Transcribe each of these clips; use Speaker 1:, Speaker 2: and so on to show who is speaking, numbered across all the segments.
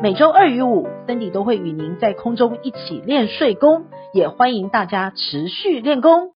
Speaker 1: 每周二與五森 i 都會與您在空中一起練睡功，也歡迎大家持續練功。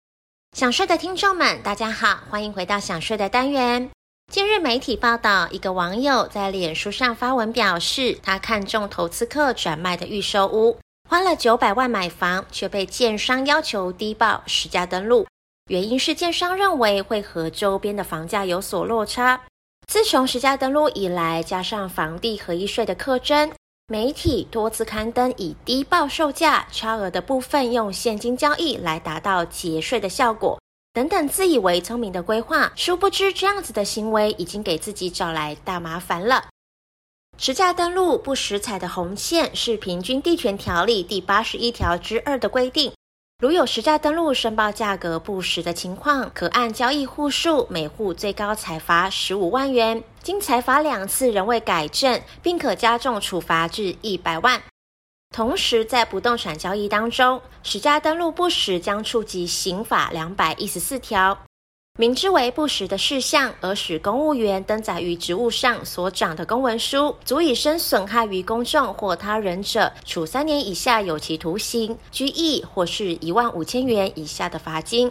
Speaker 1: 想睡的聽眾們，大家好，歡迎回到想睡的單元。近日媒體報道，一個網友在臉書上發文表示，他看中投資客轉賣的預售屋，花了九百萬買房，卻被建商要求低報實家登錄，原因是建商認為會和周邊的房價有所落差。自從實價登錄以來，加上房地合一稅的課徵，媒體多次刊登以低報售價，差額的部分用現金交易來達到節稅的效果，等等自以為聰明的規劃，殊不知這樣子的行為已經給自己找來大麻煩了。實價登錄不實，踩的紅線是《平均地權條例》第八十一條之二的規定。如有實價登錄申報價格不實的情況，可按交易戶數每戶最高裁罰十五萬元，經裁罰兩次仍未改正，並可加重處罰至一百萬。同時，在不動產交易當中，實價登錄不實將觸及刑法兩百一十四條。明知為不實的事項而使公務員登載於職務上所掌的公文書，足以生損害於公眾或他人者，處三年以下有期徒刑、拘役，或是一萬五千元以下的罰金。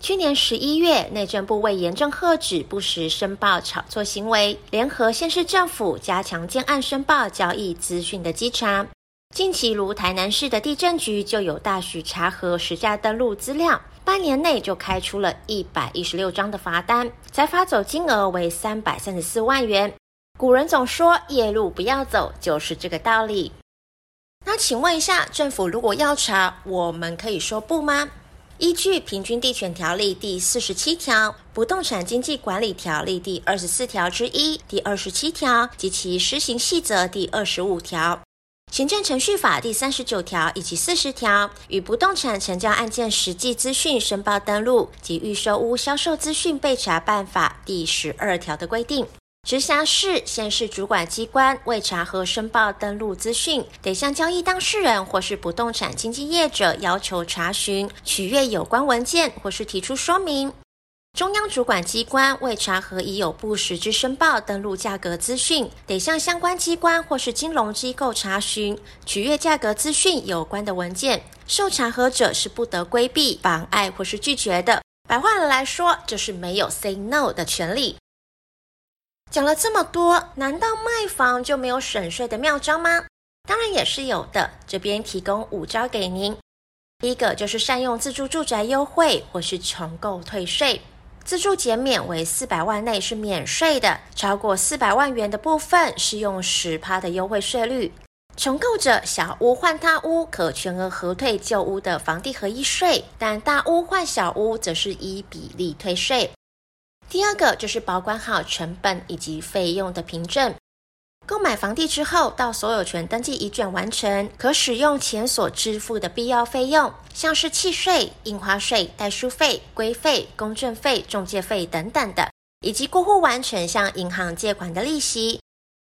Speaker 1: 去年十一月，內政部為嚴正喝止不實申報炒作行為，聯合縣市政府加強建案申報交易資訊的稽查。近期，如台南市的地震局就有大肆查核實價登錄資料，半年內就開出了一百一十六張的罰單，才罰走金額為三百三十四萬元。古人總說夜路不要走，就是這個道理。那請問一下，政府如果要查，我們可以說不嗎？依據《平均地權條例》第四十七條、《不動產經紀管理條例》第二十四條之一、第二十七條及其施行細則第二十五條。《行政程序法》第三十九條以及四十條與《不動產成交案件實際資訊申報登錄及預售屋銷售資訊備查辦法》第十二條的規定，直轄市、縣市主管機關為查核申報登錄資訊，得向交易當事人或是不動產經紀業者要求查詢、取閱有關文件，或是提出說明。中央主管機關為查核，已有不實之申報登錄價格資訊，得向相關機關或是金融機構查詢、取閱價格資訊有關的文件。受查核者是不得規避、妨礙或是拒絕的。白話來說，就是沒有 say no 的權利。講了這麼多，難道賣房就沒有省稅的妙招嗎？當然也是有的，這邊提供五招給您。第一個就是善用自住住宅優惠或是重購退稅。自住減免為四百萬內是免稅的，超過四百萬元的部分是用十趴的優惠稅率。重購者小屋換大屋可全額核退舊屋的房地合一稅，但大屋換小屋則是依比例退稅。第二個就是保管好成本以及費用的憑證。購買房地之後，到所有權登記一卷完成，可使用前所支付的必要費用，像是契稅、印花稅、代書費、規費、公證費、中介費等等的，以及過戶完成向銀行借款的利息。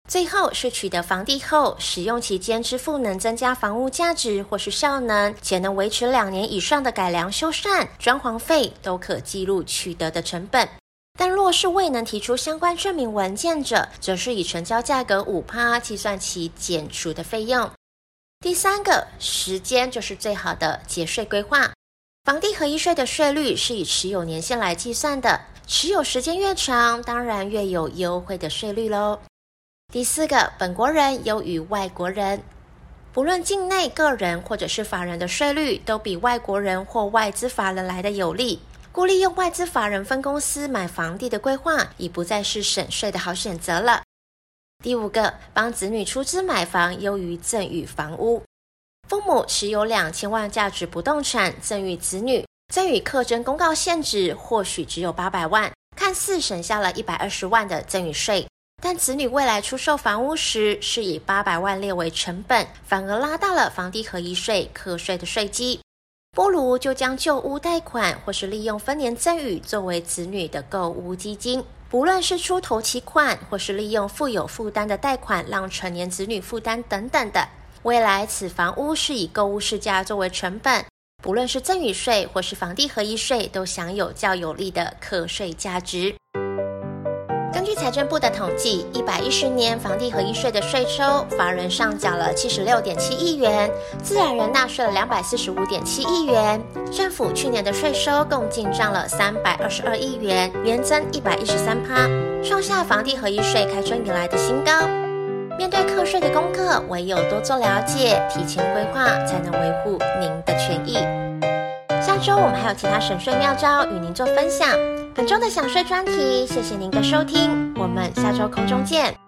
Speaker 1: 最後是取得房地後，使用期間支付能增加房屋價值或是效能，且能維持兩年以上的改良、修繕、裝潢費，都可計入取得的成本。但若是未能提出相關證明文件者，則是以成交價格五趴計算其減除的費用。第三個，時間就是最好的節稅規劃。房地合一稅的稅率是以持有年限來計算的，持有時間越長，當然越有優惠的稅率嘍。第四個，本國人優於外國人，不論境內個人或者是法人的稅率，都比外國人或外資法人來得有利。故利用外資法人分公司買房地的規劃，已不再是省稅的好選擇了。第五個，幫子女出資買房優於贈與房屋。父母持有兩千萬價值不動產贈與子女，贈與課徵公告現值或許只有八百萬，看似省下了一百二十萬的贈與稅，但子女未來出售房屋時，是以八百萬列為成本，反而拉大了房地合一稅課稅的稅基。不如就將舊屋貸款或是利用分年贈與作為子女的購屋基金，不論是出頭期款或是利用富有負擔的貸款讓成年子女負擔等等的，未來此房屋是以購物市價作為成本，不論是贈與稅或是房地合一稅，都享有較有利的課稅價值。財政部的統計，一百一十年房地合一稅的稅收，法人上繳了七十六點七億元，自然人納稅了兩百四十五點七億元，政府去年的稅收共進賬了三百二十二億元，年增一百一十三趴，創下房地合一稅開徵以來的新高。面對課稅的功課，唯有多做了解，提前規劃，才能維護您的權益。下週我們還有其他省稅妙招與您做分享。本週的想稅專題，謝謝您的收聽，我們下週空中見。